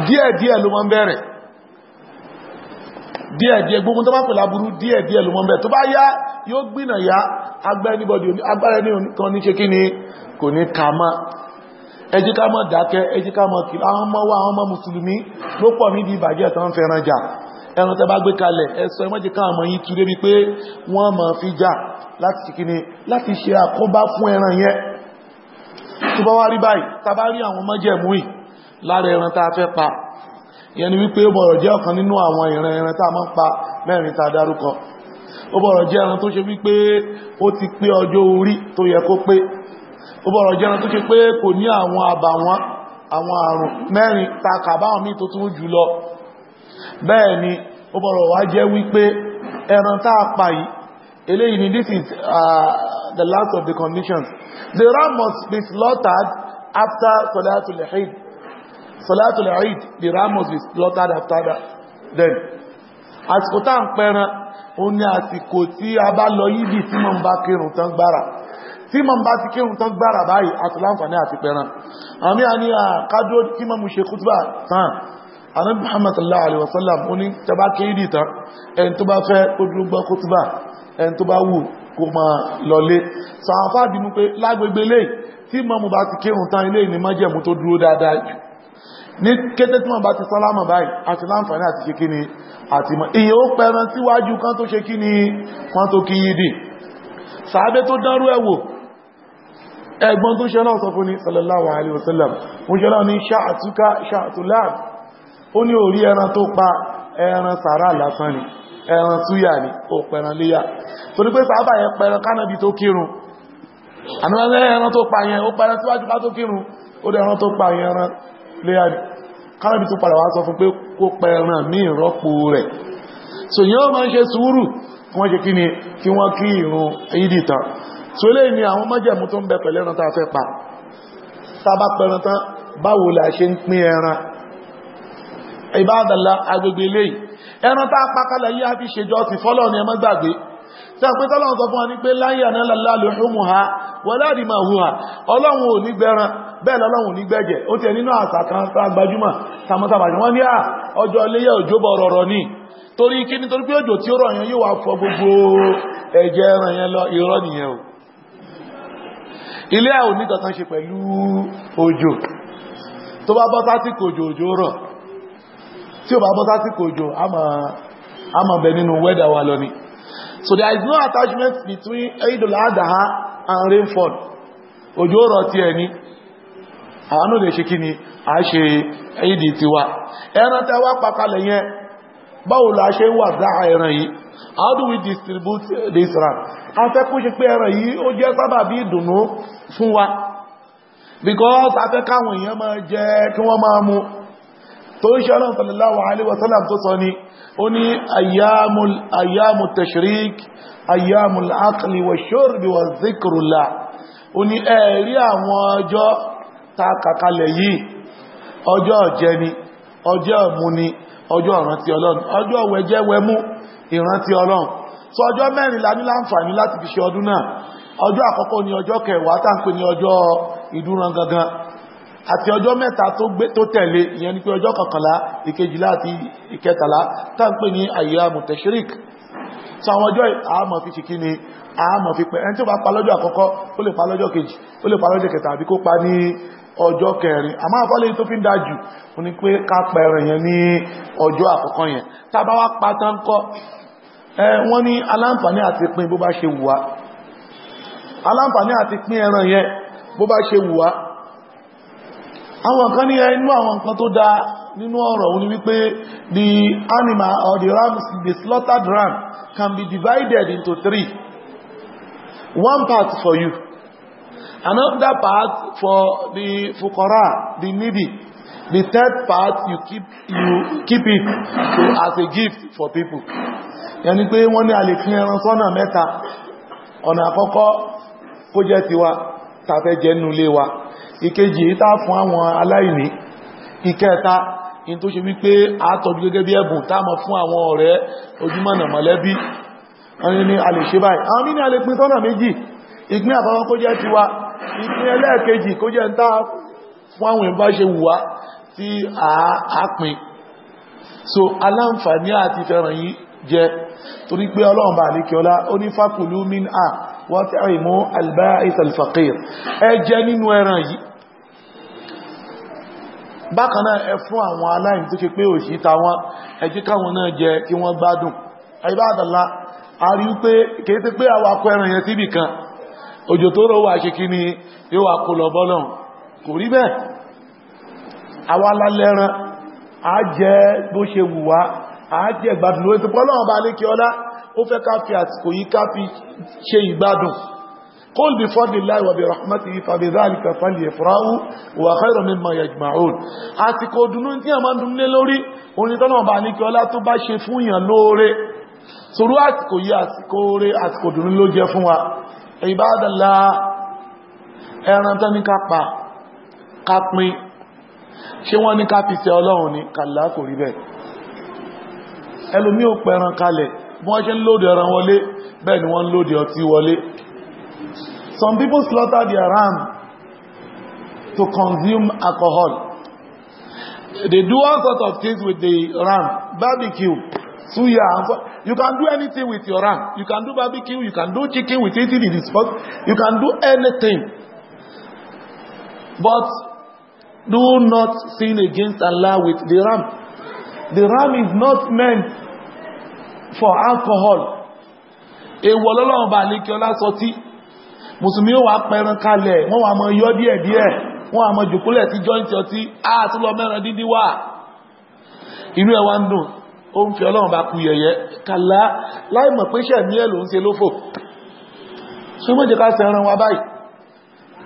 S1: díẹ̀díẹ̀ ló mọ́ bẹ̀rẹ̀ díẹ̀díẹ̀ gbogbo tó bá pẹ̀lú aburú díẹ̀díẹ̀ ló mọ́ bẹ̀rẹ̀ tó bá yá yóò gbìnà yá agbára ní ṣe ni kò ní ka mọ́ ẹjí ká mọ́ dákẹ́ ẹjí ká wa àwọn ọmọ mùsùlùmí ló pọ̀ nídìí ìbàjẹ́ tán fẹ́ràn jà ẹran tẹ bá gbé kalẹ̀ ẹsọ ẹmọ́jì káà mọ̀ yí tú débi pé láti ṣe àkóbá fún ẹran yẹn tó bá wá rí báyìí tàbá rí àwọn mọ́jẹ̀mú ì lára ẹran tá a fẹ́ pa ìyẹn ni wípé ó bọ̀rọ̀ jẹ́ ọ̀kan nínú àwọn ìran ẹran tá a máa ń pa mẹ́rin tá a dárúkọ ó bọ̀rọ̀ jẹ́ ẹran tó ṣe wípé ó ti pé ọjọ́ orí tó yẹ kó pé ó bọ̀rọ̀ jẹ́ ẹran tó ṣe pé kò ní àwọn àbàwọ́n àwọn àrùn mẹ́rin ta kàbáwọn míì tó tún jù lọ bẹ́ẹ̀ ni ó bọ̀rọ̀ wá jẹ́ wípé ẹran tá pa yìí eléyìí ni this is uh, the last of the conditions. The ram must be slaughtered after Salatul Eid. Salatul Eid, the ram must be slaughtered after that. Then, As tá ń pẹran, ó ní àsìkò tí a bá lọ yíbi tí mọ̀ ń bá kírun tán gbára. Tí mọ̀ ń bá ti kírun tán gbára báyìí, àti láǹfààní àti pẹran. Àmì àní àkádó tí mọ̀ mú ṣe kútùbà Muhammad sallallahu alaihi wasallam, ó ní tẹbá kéèdì tán, ẹni tó bá fẹ́ ó dúró gbọ́ kútùbà, ẹni kó mọ́ lọlé sàáfà bínú pé lágbègbè lè tí mọ́mù bá ti kírun tán ilé ní májẹ̀mú tó dúró dáadáa jù ní kété tí wọ́n bá ti sálámà báyìí àti láǹfààní àti ṣe kíni àti mọ́ ìyẹn ó pẹran síwájú kan tó ṣe kíni kan tó kí yìí dì sàábé tó dánrú ẹ̀wò ẹgbọ́n tó ṣẹlá ọ̀sọ̀ fún ní sallallahu alaihi wasallam ó ṣẹlá ní ṣáàtúká ṣáàtúláà ó ní orí ẹran tó pa ẹran sàárà lásán ni ẹran súyà ní ó pẹran léyà torí pé sábà yẹn pẹran kánàbí tó kírun àmìlẹ́ ẹran tó pa yẹn ó pẹran síwájú ká tó kírun ó dẹ̀ ẹran tó pa yẹn ẹran léyà ní kánàbí tó padà wá sọ fún pé kó pẹran ní ìrọ́pò rẹ̀ so yẹn ó máa ń ṣe sùúrù kí wọ́n ṣe kí ni kí wọ́n kí ìrun ìdì tán so lè ní àwọn májẹ̀mú tó ń bẹ pẹ̀lú ẹran tá a fẹ́ pa tá a bá pẹran tán báwo la ṣe ń pín ẹran ìbáàdàlá agbègbè eléyìí ẹran tá akpa yí a fi ṣèjọ ti fọ́lọ̀ ni ẹmọ́ gbàgbé tí a pé tọ́lọ́run sọ fún wa ní pé láyé ànálàlá ha wọláàdì máa ha ọlọ́run ò ní gbẹran bẹ́ẹ̀ lọ́lọ́run ní gbẹ́jẹ̀ ó ti ẹ̀nínú àṣà kan tá gbajúmọ̀ samọ́sàbàjì wọ́n ní à ọjọ́ iléyà òjò bọ̀ rọ̀rọ̀ ni torí kí nitori pé òjò tí ó rọ̀ yẹn yóò wá gbogbo ẹ̀jẹ̀ ẹran yẹn o ilé ẹ̀ ò ní ṣe pẹ̀lú òjò tó bá bọ́ tí ó bá bọ́ sásìkò òjò a máa bẹ nínú wẹ́dà wa lọ ni so there is no attachment between Eidul Adha and rainfall òjò rọ̀ ti ẹ̀ ní àwọn náà lè ṣe kí ni a ṣe Eid tiwa ẹran tẹ́ wá pàkalẹ̀ yẹn báwo la ṣe wà dáa ẹran yìí how do we distribute this ram a fẹ́ kó ṣe pé ẹran yìí ó jẹ́ sábàbí ìdùnnú fún wa because a fẹ́ káwọn èèyàn máa jẹ kí wọ́n máa mú tó ń ṣe ọlọ́run sallallahu alaihi wasallam tó sọ ni ó ní ayyámù tashrik ayyámù al'aqli wa shurbi wa zikrullah ó ní ẹ̀rí àwọn ọjọ́ ta kàkalẹ̀ yìí ọjọ́ jẹni ọjọ́ múni ọjọ́ ìrántí ọlọ́run ọjọ́ wẹjẹ́ wẹmú ìrántí ọlọ́run so ọjọ́ mẹ́rìnlá ní láǹfààní láti àti ọjọ́ mẹ́ta tó tẹ̀lé ìyẹn ni pé ọjọ́ kọkànlá ìkejìlá àti ìkẹtàlá tá ní àyíyàmù tẹ̀ṣírík so ọjọ́ àmọ̀ fi ṣìkí ni àmọ̀ fi pẹ̀ ẹni tí ó bá pa lọ́jọ́ àkọ́kọ́ ó lè pa lọ́jọ́ kejì ó lè pa lọ́jọ́ kẹta àbí kó pa ní ọjọ́ kẹrin àmọ́ àfọ́lẹ̀ tó fi ń dájú fún ni pé ká pẹ̀rẹ̀ yẹn ní ọjọ́ àkọ́kọ́ yẹn tá bá wá pa tán kọ́ wọ́n ní aláǹfààní àti pín bó bá ṣe wùwá aláǹfààní àti pín ẹran yẹn bó bá ṣe wùwá àwọn kan ní inú àwọn nǹkan tó dá nínú ọ̀rọ̀ òun ni wípé the animal or the ram, the slaughtered ram can be divided into three one part for you another part for the fukara the needy the third part you keep you keep it to, as a gift for people yàní pé wọ́n ní a lè fi ẹran sọ́nà mẹ́ta ọ̀nà àkọ́kọ́ kó jẹ́ tiwa tàfẹ́ jẹ́ nulé wa ìkejì ìta fún àwọn aláìní ìkẹta in tó ṣe wípé àtọ́jú gẹ́gẹ́ bí ẹ̀bùn tá mọ̀ fún àwọn ọ̀rẹ́ ojúmọ̀nà mọ̀lẹ́bí ọ̀rin ni a lè ṣe báyìí àwọn mí ní a lè pín tọ́nà méjì ìpín àkọ́kọ́ a pín so aláǹfààní àti fẹ́ràn yìí jẹ torí pé ọlọ́run bá ní kíọlá ó ní fákùlú min a wọ́n tẹ́rì mú albáìsàlfàkìr ẹ jẹ nínú ẹran yìí bákanáà ẹ fún àwọn aláìní tó ṣe pé òṣì tàwọn ẹjí káwọn náà jẹ kí wọ́n gbádùn Ibadallah a rí pé kìí tí pé àwakọ̀ ẹran yẹn síbì kan òjò tó rọ wà ṣe kí ni yóò wà kó lọ bọ́lọ̀ kò rí bẹ́ẹ̀ àwa a jẹ bó ṣe wù wá a jẹ gbádùn lórí tó pọ́lọ́ ọba lékè ọlá ó fẹ́ ká fi àsìkò yìí ṣe ìgbádùn قل بفضل الله وبرحمته فبذلك فليفرحوا وخير مما يجمعون àsìkò dunu tí a máa dùn lé lórí oni tọ́nà bá ní kí ọlá tó bá ṣe fún yàn lóore sòrò àsìkò yí àsìkò oore àsìkò dunu ló jẹ́ fún wa ìbádàlá ẹran tán ní ká pa ká pín ṣé wọ́n ní ká fi ṣe ọlọ́run ní kàlá kò rí bẹ́ẹ̀ ẹlòmí ò pẹran kalẹ̀ bí wọ́n ṣe ń lóde ẹran wọlé bẹ́ẹ̀ ni wọ́n ń lóde ọtí wọlé Some people slaughter their ram to consume alcohol. They do all sorts of things with the ram. Barbecue, suya, you can do anything with your ram. You can do barbecue, you can do chicken with it in this spot. You can do anything. But do not sin against Allah with the ram. The ram is not meant for alcohol. Èwọ̀ lọ́lọ́run bá sọ tí mùsùlùmí wà pẹran kalẹ̀ wọ́n wà mọ yọ́ díẹ̀ díẹ̀ wọ́n wà mọ jùkúlẹ̀ tí jọ́ǹtì ọtí àtúlọ mẹ́ran dídí wà inú ẹwà ń dùn ó ń fi ọlọ́run bá kú yẹ̀yẹ́ kàlá láìmọ̀ pé ṣẹ̀ ní ẹ̀lò ń ṣe lófò ṣe mọ́jẹ̀ ká ṣe ẹran wa báyìí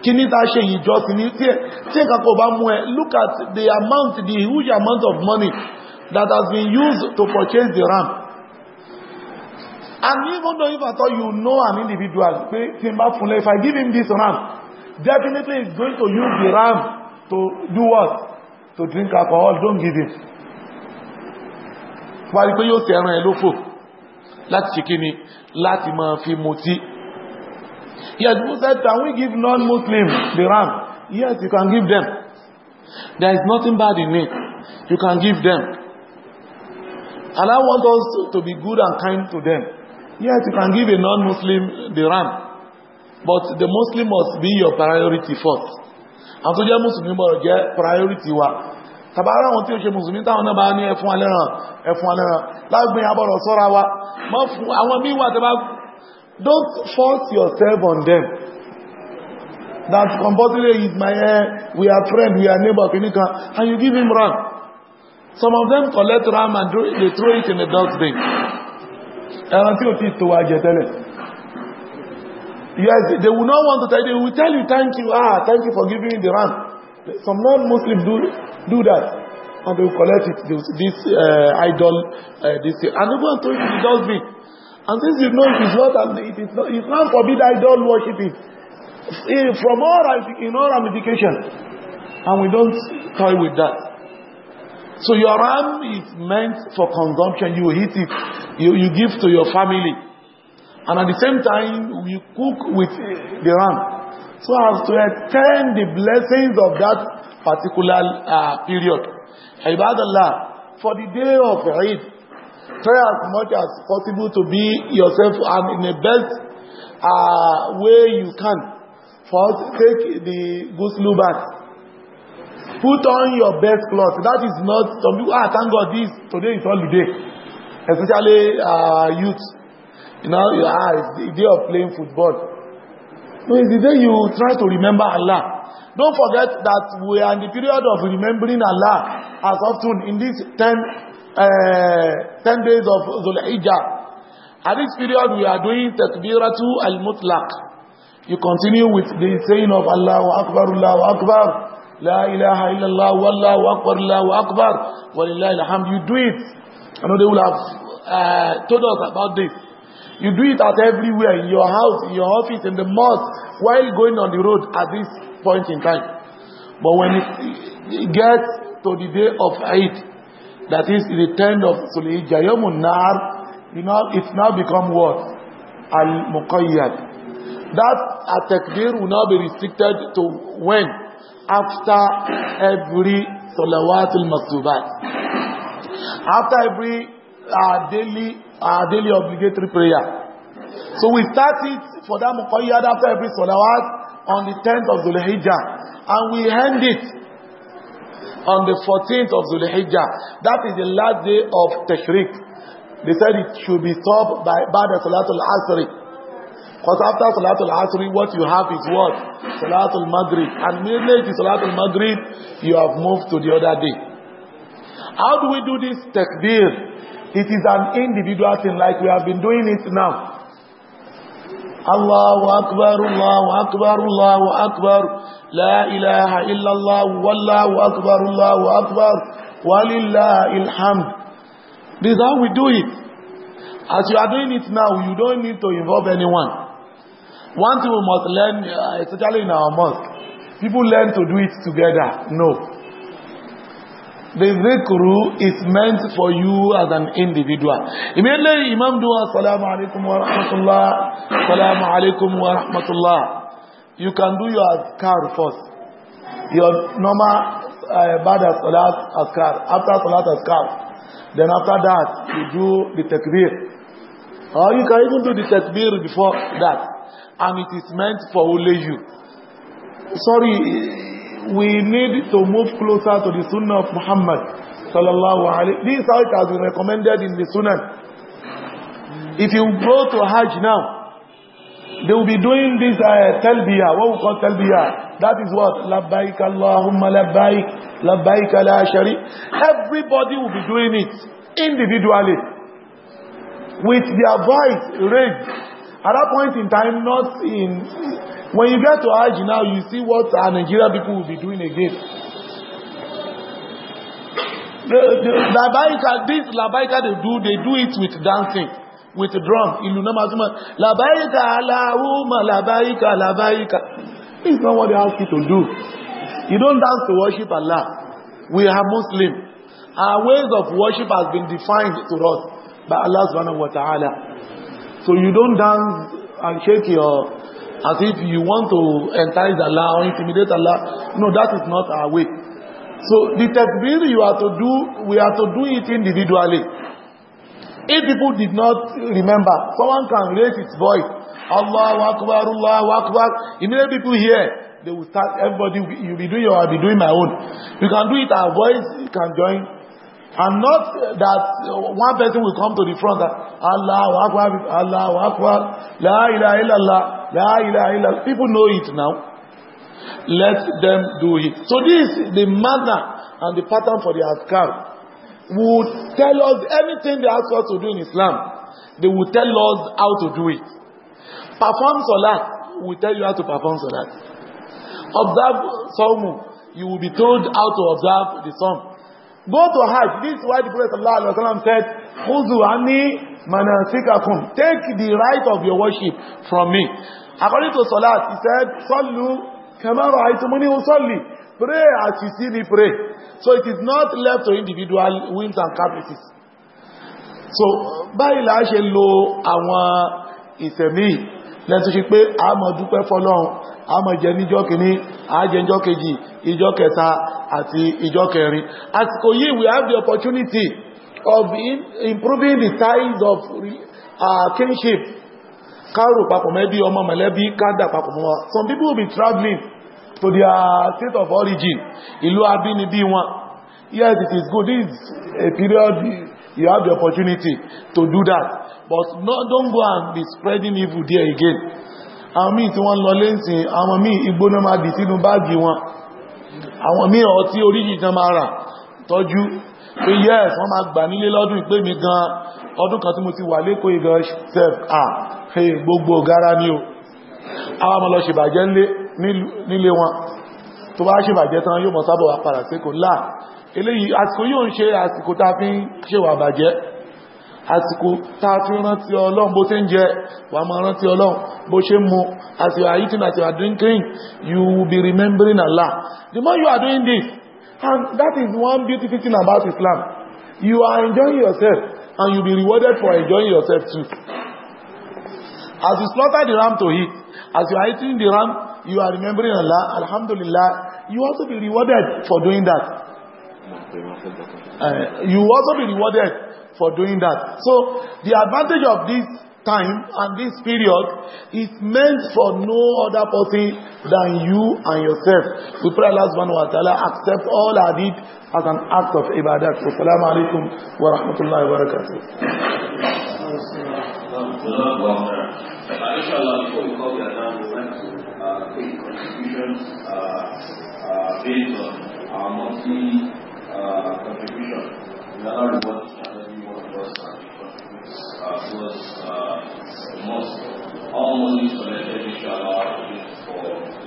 S1: kí ní ta ṣe ìjọsìn ní tí ẹ̀kà kò bá mú ẹ look at the amount the huge amount of money that has been used to purchase the ram And even though if I thought you know an individual, pay Timba if I give him this ram, definitely he's going to use the ram to do what? To drink alcohol. Don't give him. Wà rí pé yóò tẹ ẹran ẹ lófò láti ṣe ni láti máa fi mutí. Yes, who said, can we give non-Muslims the ram? Yes, you can give them. There is nothing bad in it. You can give them. And I want us to be good and kind to them. Yes, you can give a non-Muslim the ram, but the Muslim must be your priority first. Àwọn tó jẹ́ Mùsùlùmí must get priority wa. Tàbára wọn tí ó ṣe Mùsùlùmí táwọn náà bá ní ẹfún alẹ́ràn, ẹfún alẹ́ràn, lágbín abọ́rọ̀ sọ́ra wa. Mọ́ fún àwọn míwà tẹ́bá, don't force yourself on them. That compulsory is my, eh, we are friend, we are neighbor, kìníkan, and you give him ram. Some of them collect ram and they throw it in the dustbin ẹran tí ó ti tó wá jẹ tẹ́lẹ̀ yes they will not want to tell you they will tell you thank you ah thank you for giving me the ram some non-muslim do do that and they will collect it this, this uh, idol uh, this and they go and throw it in the dustbin and since you know it is not it is not Islam forbid idol worshiping from all in all ramification, and we don't toy with that So your ram is meant for consumption. You eat it. You, you give to your family. And at the same time, you cook with eh, the ram. So as to attend the blessings of that particular uh, period. Ibadallah, for the day of Eid, try as much as possible to be yourself and in the best uh, way you can. First, take the ghusl bath Put on your best clothes. That is not, some people, ah, thank God this, today is holiday. Especially uh, youth. You know, ah, it's the day of playing football. No, it's the day you try to remember Allah. Don't forget that we are in the period of remembering Allah as often in these 10, uh, 10 days of Dhul Hijjah. At this period, we are doing Takbiratu al-Mutlaq. You continue with the saying of Allah Akbar, Allah Akbar. La ilaha illallah, wallahu akbar, Allahu akbar, walillahi alhamd. You do it. I know they will have uh, told us about this. You do it at everywhere, in your house, in your office, in the mosque, while going on the road at this point in time. But when it, it gets to the day of Eid, that is the 10 of Sulhijjah, you know, it's now become what? Al-Muqayyad. That at uh, takbir will now be restricted to when? after every salawat al maktubat after every uh, daily uh, daily obligatory prayer so we start it for that muqayyad after every salawat on the 10th of Dhul Hijjah and we end it on the 14th of Dhul Hijjah that is the last day of Tashriq they said it should be stopped by by the Ba'da al Asri Because after Salatul Asri, what you have is what? Salatul Maghrib. And midnight is Salatul Maghrib, you have moved to the other day. How do we do this takbir? It is an individual thing like we have been doing it now. Allahu Akbar, Allahu Akbar, Allahu Akbar. La ilaha illallah, Wallahu Akbar, Allahu Akbar. Walillahil hamd. This is how we do it. As you are doing it now, you don't need to involve anyone. One thing we must learn, uh, especially in our mosque, people learn to do it together. No. The zikru is meant for you as an individual. Immediately Imam dua, Salamu alaikum wa rahmatullah, Salamu alaikum wa rahmatullah. You can do your azkar first. Your normal uh, bada salat azkar. After salat azkar. Then after that, you do the takbir. Or you can even do the takbir before that and it is meant for only you. Sorry, we need to move closer to the Sunnah of Muhammad sallallahu alayhi. This is how it has been recommended in the Sunnah. If you go to Hajj now, they will be doing this uh, talbiyah, what we call talbiyah. That is what? Labbaik Allahumma labbaik, labbaik ala shari. Everybody will be doing it individually with their voice raised At that point in time, not in. When you get to Hajj now, you see what our Nigerian people will be doing again. The, the labaika, this labaika they do, they do it with dancing, with a drum. Ilu namazuma, labaika, Allahumma, labaika, labaika. It's not what they ask you to do. You don't dance to worship Allah. We are Muslim. Our ways of worship has been defined to us by Allah subhanahu wa ta'ala. So you don't dance and shake your, as if you want to entice Allah or intimidate Allah. No, that is not our way. So the takbir you are to do, we are to do it individually. If people did not remember, someone can raise its voice. Allah Akbar, Allah Akbar. Immediately people hear, they will start, everybody, you'll be doing your, I'll be doing my own. You can do it, our voice you can join And not that uh, one person will come to the front and Allahu Akbar, Allahu Akbar, La ilaha illallah, La ilaha illallah. People know it now. Let them do it. So this, the manner and the pattern for the Askar would tell us anything they ask us to do in Islam. They will tell us how to do it. Perform Salat, we tell you how to perform Salat. Observe Sawmu, you will be told how to observe the Psalm. Go to Hajj. This is why the Prophet ﷺ said, Khuzu anni manasikakum. Take the right of your worship from me. According to Salat, he said, Sallu kama ra'aytumuni usalli. Pray as you see me pray. So it is not left to individual whims and caprices. So, báyìí la ṣe lo àwọn ìsẹ̀mí lẹ́tọ́ ṣe pé a mọ̀ dúpẹ́ fọ́lọ́run a máa jẹ níjọ́ kìíní àájẹ níjọ́ kejì ìjọ́ kẹta àti ìjọ́ kẹrin àsìkò yìí we have the opportunity of improving the ties of uh, kinship kárò papọ̀ mẹ́bí ọmọ mẹ̀lẹ́bí kádà papọ̀ mọ́ some people will be traveling to their state of origin ìlú abínibí wọn yes it is good this is a period you have the opportunity to do that but no, don't go and be spreading evil there again àwọn míì tí wọ́n lọ lẹ́sìn àwọn míì igbóná máa dì sínú báàgì wọn àwọn míì ọtí oríṣìíkan máa rà tọ́jú pé yes wọ́n máa gbà nílé lọ́dún ìpé mi gan ọdún kan tí mo ti wà lẹ́kọ́ ìgan sef ni o àwọn ọmọ lọ ṣèbàjẹ́ nílé wọn tó bá ṣèbàjẹ́ tán yóò mọ̀ sábọ̀ wà padà sékò láà eléyìí àsìkò àsìkò táa fi rántí ọlọ́run bó ṣe ń jẹ wà máa rántí ọlọ́run bó ṣe mú as you are eating as you are drinking you will be remembering Allah the more you are doing this and that is one beautiful thing about Islam you are enjoying yourself and you be rewarded for enjoying yourself too as you slaughter the ram to eat as you are eating the ram you are remembering Allah alhamdulillah you also be rewarded for doing that uh, you also be rewarded for doing that. So the advantage of this time and this period is meant for no other person than you and yourself. We pray Allah subhanahu wa ta'ala accept all our as an act of ibadat. Wassalamu alaikum wa rahmatullahi wa barakatuh.
S2: Uh, uh, based on our monthly uh, contribution uh, was uh, most all money collected, for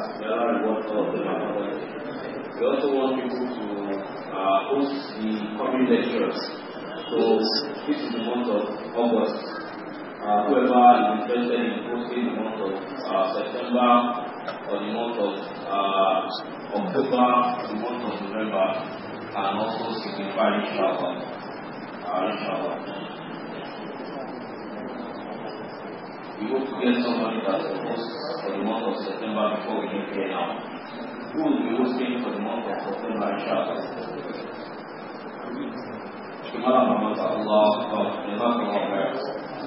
S2: There what of them We also want people to uh, host the coming lectures. So this is the month of August. Uh, whoever is interested in hosting the month of uh, September or the month of uh, October, the month of November, and also signify inshallah. Uh, inshallah. We hope to get somebody that will host for the month of September before we leave here now. Who will be hosting for the month of September, inshallah? Shumara Mamata Allah, Jazakallah Khair.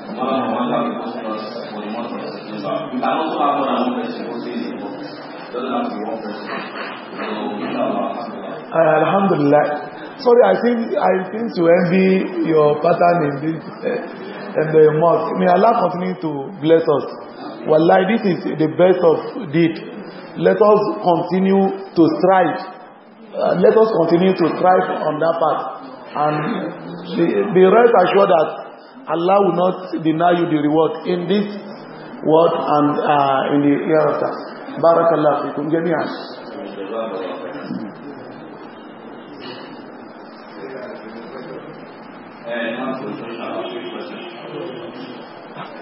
S2: Shumara Mamata will host us for the month of September. We can also have one another person hosting in the month. Doesn't have to be one person. So, inshallah. Uh,
S1: Alhamdulillah. Sorry, I think I seem to envy your pattern in this. Eh, and the mosque. May Allah continue to bless us. Wallahi, this is the best of deed. Let us continue to strive. Uh, let us continue to strive on that path. And be the rest assured that Allah will not deny you the reward in this world and uh, in the hereafter. Barakallah fikum jami'an.
S2: Thank you.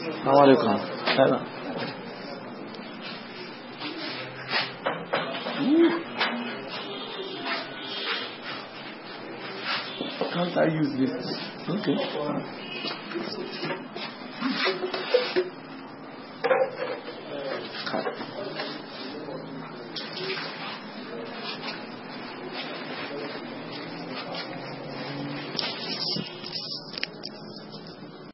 S2: السلام عليكم Can't I use this? Okay.